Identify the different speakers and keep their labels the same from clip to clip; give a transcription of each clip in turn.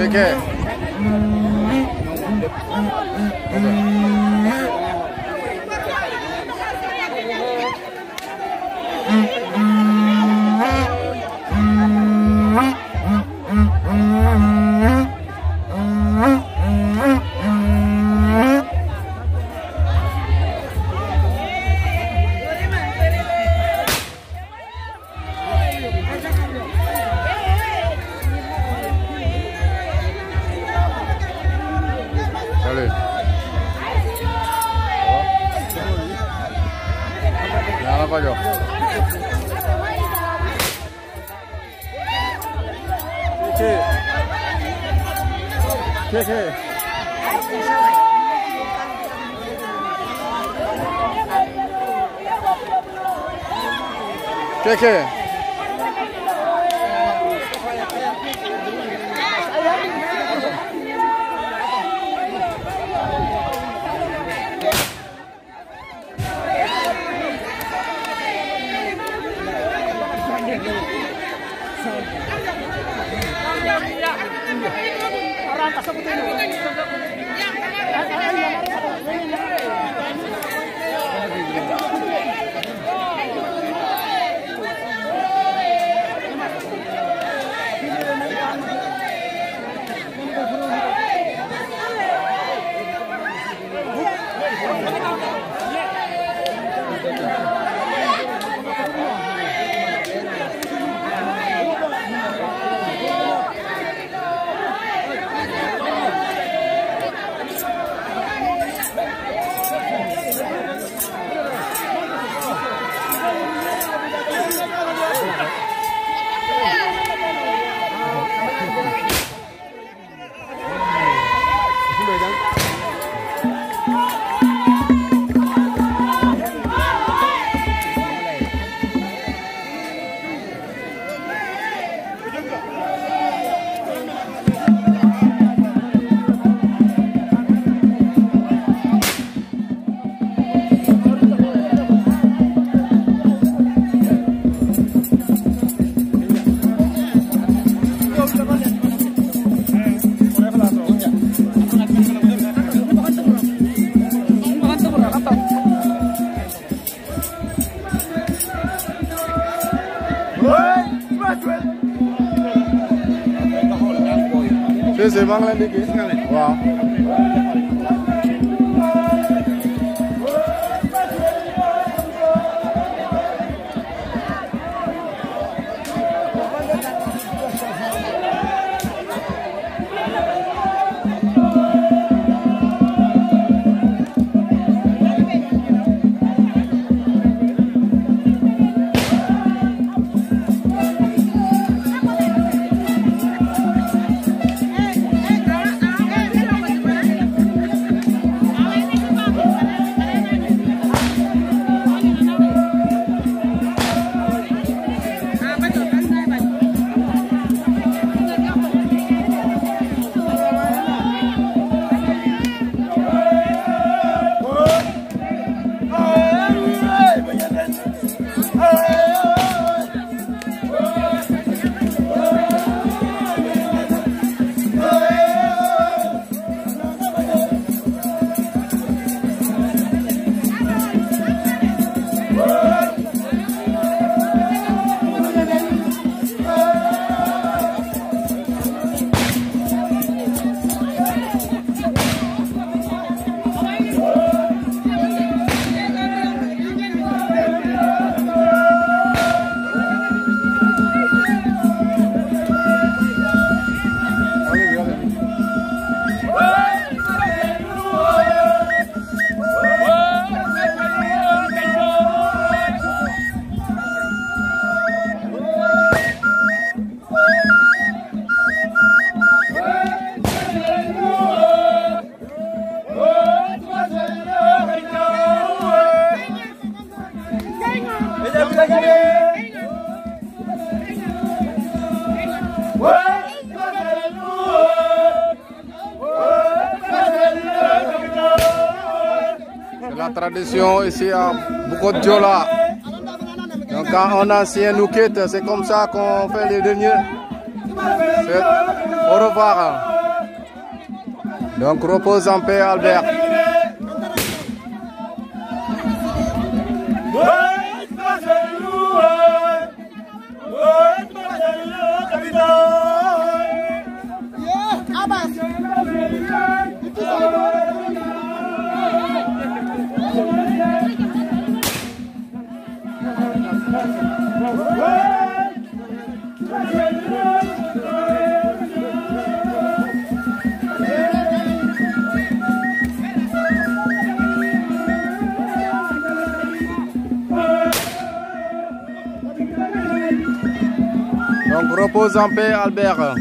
Speaker 1: 이렇게 কে কে déedéet maa ngi leen di kii waaw. la tradition ici à Bukotjola. Donc quand on a un nous c'est comme ça qu'on fait les derniers. Au revoir. Donc repose en paix Albert. Propose en paix, Albert.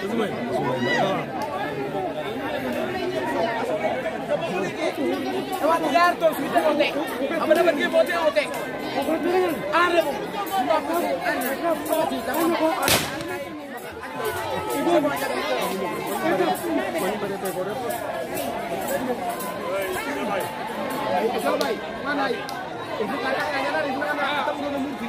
Speaker 2: यार
Speaker 3: तो फिर होते हमारे बन के बोते होते आ रे
Speaker 4: भाई
Speaker 5: माना इसमें काटा काटा इसमें काटा तब उन्होंने मूर्ति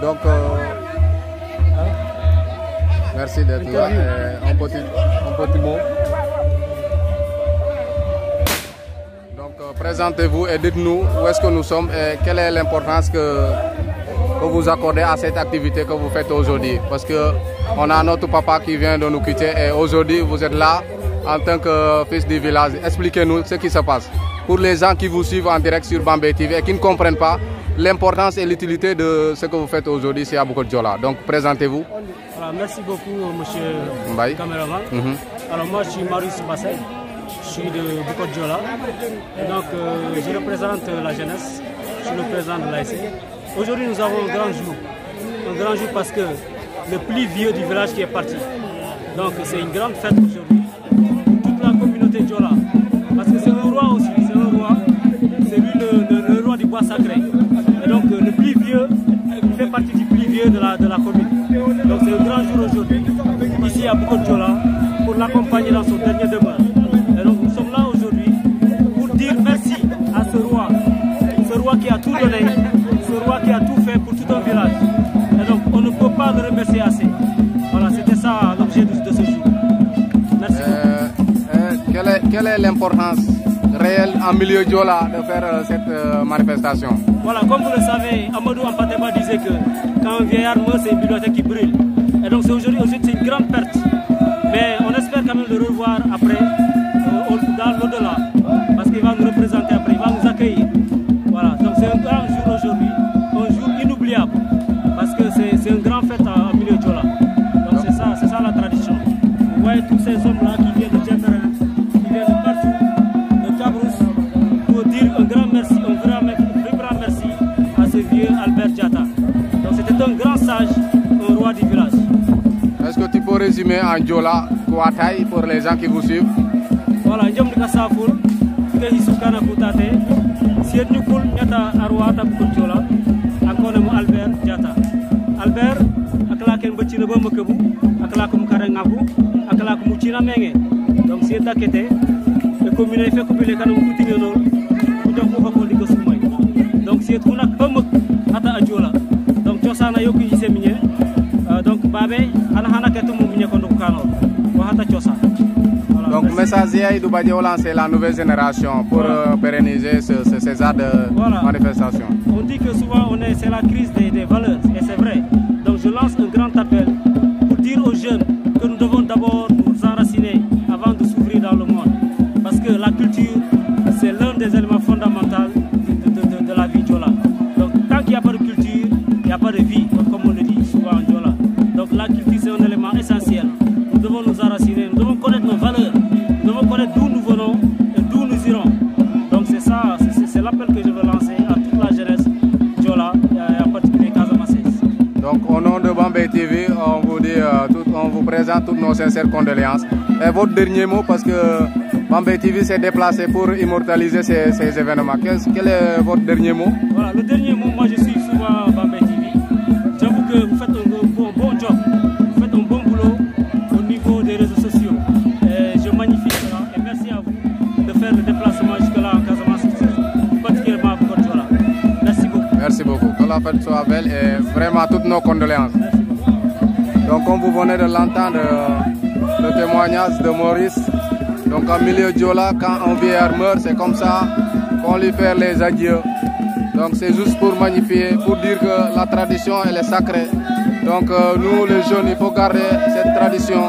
Speaker 1: donc. Euh, hein? Merci d'être là. un, petit, Donc, euh, présentez-vous et dites-nous où est-ce que nous sommes et quelle est l'importance que, que, vous accordez à cette activité que vous faites aujourd'hui. Parce que on a notre papa qui vient de nous quitter et aujourd'hui vous êtes là en tant que fils du village. Expliquez-nous ce qui se passe. Pour les gens qui vous suivent en direct sur Bambé TV et qui ne comprennent pas, l'importance et l'utilité de ce que vous faites aujourd'hui c'est à Djola. Donc présentez-vous.
Speaker 2: merci beaucoup monsieur
Speaker 1: Mbaye. Cameraman. Mhm.
Speaker 2: Alors moi je suis Marius Bassel, je suis de Djola. Donc euh, je représente la jeunesse, je représente l'ASC. Aujourd'hui nous avons un grand jour. Un grand jour parce que le plus vieux du village qui est parti. Donc c'est une grande fête aujourd'hui. à Jola pour l'accompagner dans son dernier demeure. Et donc nous sommes là aujourd'hui pour dire merci à ce roi, ce roi qui a tout donné, ce roi qui a tout fait pour tout un village. Et donc on ne peut pas le remercier assez. Voilà, c'était ça l'objet
Speaker 1: de, ce jour. Merci euh, euh quelle est l'importance réelle en milieu Jola de faire euh, cette euh, manifestation Voilà, comme vous le savez, Amadou
Speaker 2: Ampatema disait que quand un vieillard meurt, c'est une bibliothèque qui brûle. Et donc c'est aujourd'hui, aujourd'hui c'est une grande perte
Speaker 1: Anjola kuatai, pour les gens qui vous suivent. Voilà, jom di kasaful,
Speaker 2: ke la kutate, siet nyukul nyata arwata bukul Ndiola, akone mu Albert Jata. Albert, akalaken bacina ba makabu, akalakum karangabu, akalakum la menge. Donc siet dakete, e commune fe ko bile kanum kutinga nol, ku jox ko ko di ko sumay. Donc siet ku nak bamak ata Ndiola. Donc cosana yoku yiseminye. Ah, Donc babe ana hana
Speaker 1: Donc, message lancer oh la nouvelle génération pour euh, pérenniser ces arts de manifestation.
Speaker 2: On dit que souvent, c'est la crise des valeurs, et c'est vrai. Donc, je lance un grand appel pour dire aux jeunes
Speaker 1: Euh, on vous présente toutes nos sincères condoléances. Et votre dernier mot, parce que Bambe TV s'est déplacé pour immortaliser ces, événements. Quel, est votre dernier mot
Speaker 2: Voilà, le dernier mot, moi je suis souvent Bambe TV. J'avoue que vous faites un, bon, job, vous faites un bon boulot au niveau des réseaux sociaux. je magnifie cela et merci à vous de faire le déplacement
Speaker 1: jusque-là en Casamance, particulièrement à Merci beaucoup. Merci beaucoup. Que la fête soit belle et vraiment toutes nos condoléances. Donc comme vous venez de l'entendre, euh, le témoignage de Maurice. Donc en milieu Diola, quand un vieillard meurt, c'est comme ça qu'on lui fait les adieux. Donc c'est juste pour magnifier, pour dire que la tradition elle est sacrée. Donc euh, nous les jeunes, il faut garder cette tradition.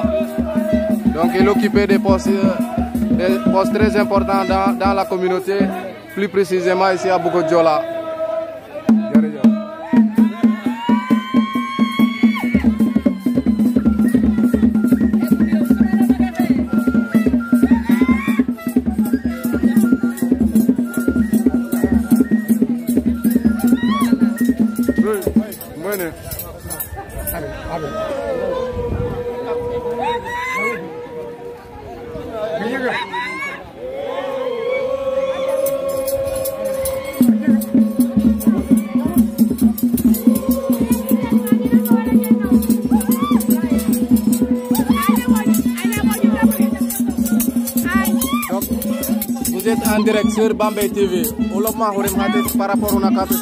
Speaker 1: Donc il occupait des postes, euh, très importants dans, la communauté, plus précisément ici à Bougodjola. Vous êtes en direct sur Bambay TV. Au Oulop Mahourim Hadis par rapport à la Nakata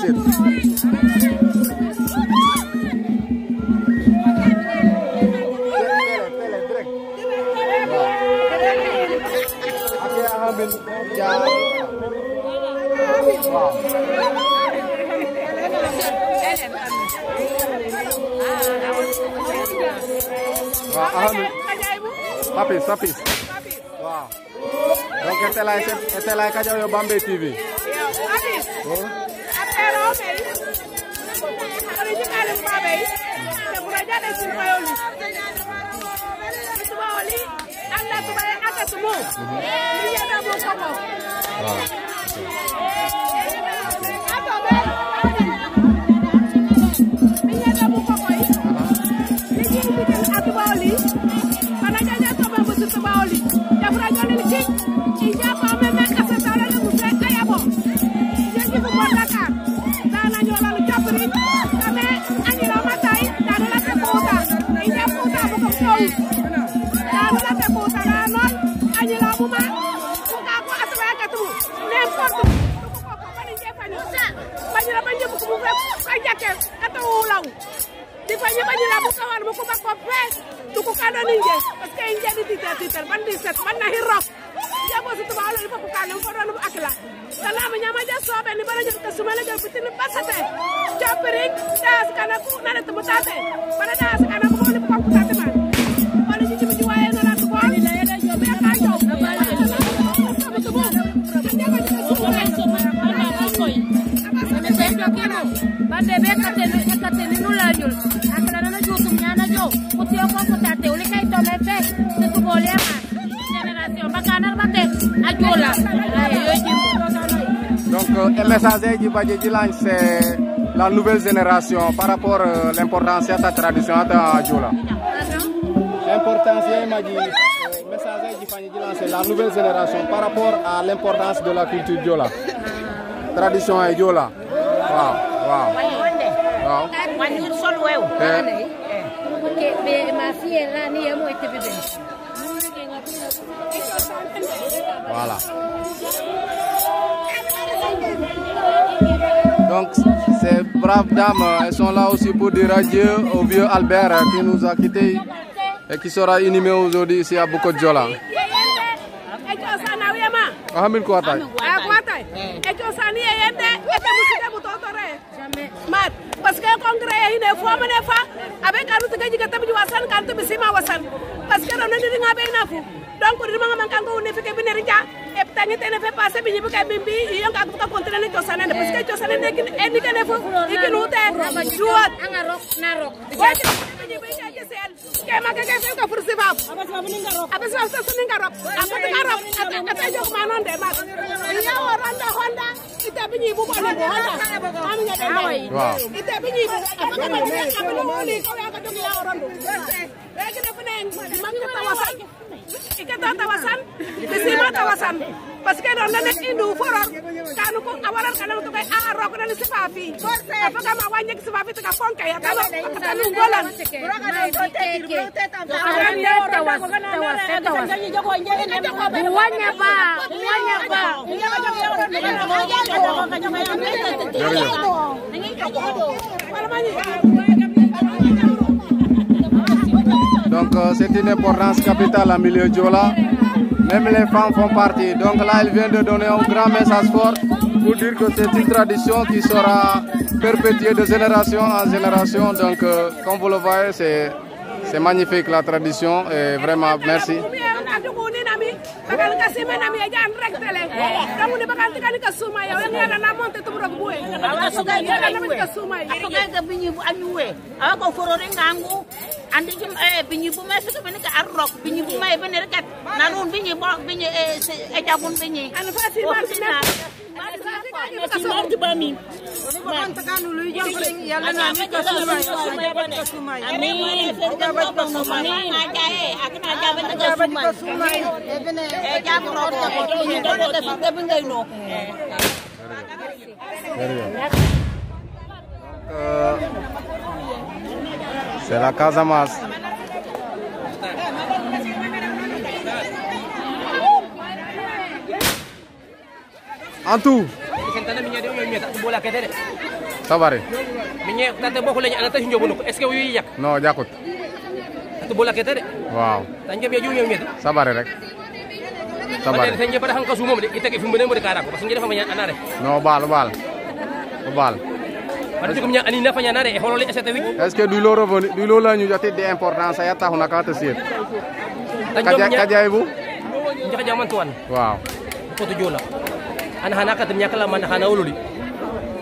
Speaker 1: Papis, papis. Wow. Donc, était là, quand j'ai Bombay TV.
Speaker 3: Wow. titel ban set mana hero? ya bo su tuba alu ifoku lu akla salama nyama ja sobe ni bara jutta sumala ja bitini basate chapirik das kana ku na na tumtate
Speaker 1: le euh, message Dilan, c'est la nouvelle génération par rapport euh, à l'importance de la tradition à Djoula. L'importance, euh, c'est la nouvelle génération par rapport à l'importance de la culture Djoula. Tradition à Waouh, Donc ces braves dames, elles sont là aussi pour dire adieu au vieux Albert qui nous a quittés et qui sera inhumé aujourd'hui ici à Bukotjola. Amin kuatai. Kuatai.
Speaker 3: Ah, Eki eh. osani yende, ete musika mutotore. Mat, paske kongre a ne fuwa mene fa, abe karu tiga jika tabi juwasan kantu bisima wasan. Paske rono nini ngabe inafu donc rima nga manka ngo ne fike bine rinja e tangi tene fe passe bi nyibi kay bimbi iyo nga ko kontine ne cosane ne parce que cosane ne kin e dike ne te juat anga rok na rok ke ma ke fe ko sa ni nga rok rok jok ma non de ma honda ita bi honda am nga de ita bi ka ba ni ka ba ni ko ya ka do ya tan parce que ɗon nane foror
Speaker 1: Donc c'est une importance capitale à milieu Même les femmes font partie. Donc là, il vient de donner un grand message fort pour dire que c'est une tradition qui sera perpétuée de génération en génération. Donc, euh, comme vous le voyez, c'est c'est magnifique la tradition et vraiment merci.
Speaker 3: andi eh biñu bu bumai suka bini ka arrok binyi bumai bini rekat nanun binyi bok eh e eja biñu eh anu fasi fasi na fasi na di bami
Speaker 4: Amin.
Speaker 1: Se la casa más. Antu. Sabari.
Speaker 5: Minye tante bokku lañu anata ñoo bu Est-ce que wuy yak? Non jakut. Tante bola kete de. Waaw. Tanje bi ñu ñet.
Speaker 1: Sabari rek. Sabari. Tanje
Speaker 5: ba da xam ko su mom de itake mo de kaara ko parce que ma ñaan anare.
Speaker 1: Non baal baal. Baal
Speaker 5: est-ce
Speaker 1: que du loro venu du loro ñu jati de importance ya taxuna ka ta sir kaja kaja ibu
Speaker 5: ñu kaja man Wow. waaw ko to Anak-anak hana ka tamnya kala man hana woluli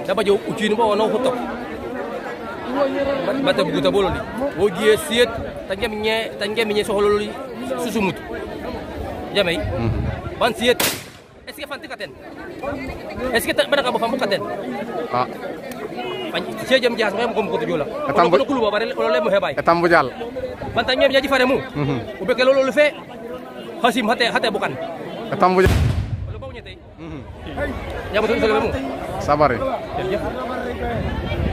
Speaker 5: daba jo ucin bo wono hutok bata bu ta bololi oh, wo giye siet tangem nye tangem nye sohololi susumut jamai Pan hmm. siet Eski fantikaten. Eski tak bada kabo famukaten. Ah. Fanji jam jas ngam ko ko jola. Etam ko kulu babare lo le mo hebay. Etam bujal. Banta ñob ñaji faremu.
Speaker 1: Mhm.
Speaker 5: Ube ke lolu fe. Hasim hate hate bukan.
Speaker 1: Etam bujal. Lo bawu
Speaker 5: ñetay. Mhm. Ya betul sagalemu. Sabar.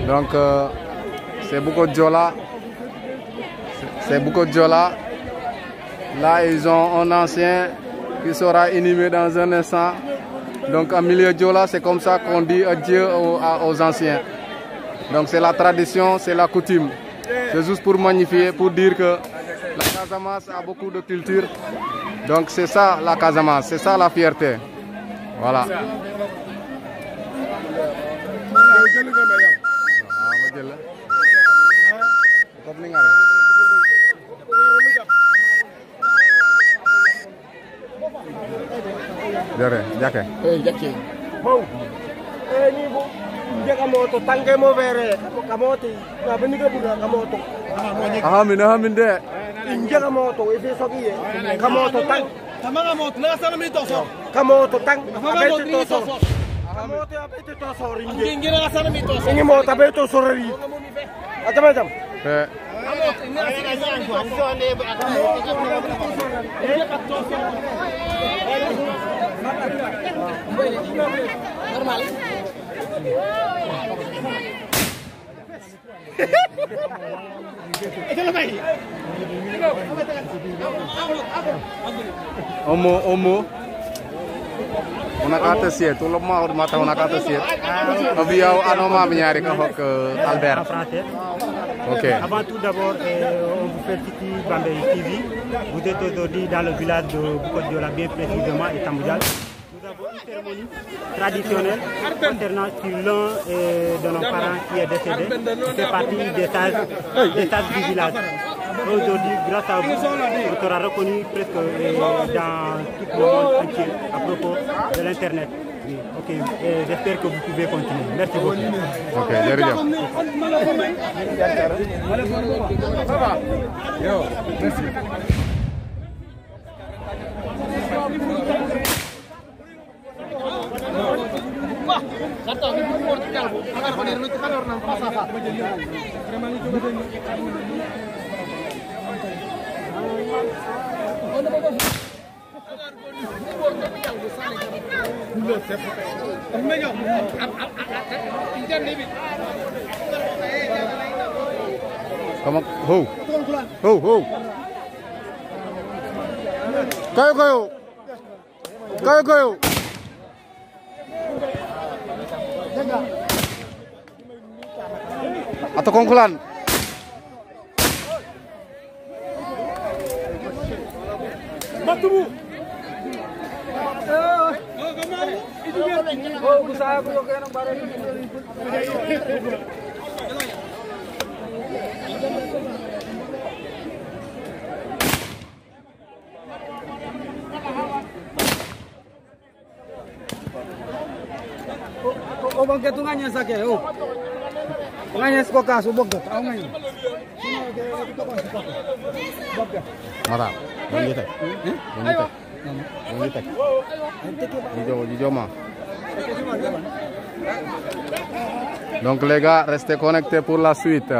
Speaker 1: Donc c'est beaucoup de jola.
Speaker 5: C'est beaucoup de jola.
Speaker 1: Là, ils ont un ancien qui sera inhumé dans un instant. Donc en milieu Diola, c'est comme ça qu'on dit adieu euh, aux, anciens. Donc c'est la tradition, c'est la coutume. C'est juste pour magnifier, pour dire que la Casamance a beaucoup de culture. Donc c'est ça la Casamance, c'est ça la fierté. Voilà. Dore, jake. Ya, ya eh, jake. Ya
Speaker 5: mau. Eh, ni bu. Dia kamu kamoto, tangke mo vere. kamu Na bini ka buga kamoto. Ahamin, ahamin de. Inja kamoto, ife soki iya. kamu, Kamoto tang. Tama kamoto, na sana mi toso. Kamoto tang. Kamoto toso.
Speaker 2: Kamoto apete ringgit, ringe. Ingira itu, mi toso. Ingi mo tabeto
Speaker 5: sorari. macam-macam, Eh.
Speaker 2: Normal.
Speaker 1: Omo, omo. una kata sih itu lemah mata una kata sih beliau anoma nyari ke Albert? Avant
Speaker 2: tout, d'abord, euh, on vous fait Titi Bambay TV. Vous êtes aujourd'hui dans le village de Bukot bien précisément, et Tamboudal. Nous avons une cérémonie traditionnelle concernant l'un euh, de nos parents qui est décédé. C'est parti des tâches des du village. Aujourd'hui, grâce à vous, on sera reconnu presque euh, dans tout le monde entier à propos de l'Internet ok. J'espère que vous pouvez continuer. Merci beaucoup. Ok,
Speaker 4: Merci.
Speaker 1: Come on, who? Who? Who? Go, go. Go, go. Atau kongkulan. Matumu.
Speaker 2: Oh, usaha aku yang kena barang ini. Oh, bang ketungannya sakit. Oh. Pengannya sekolah subok dah. Tahu nggak?
Speaker 1: Marah. Lanjut. Eh. Lanjut. Eh. donc les gars restez connectés pour la suite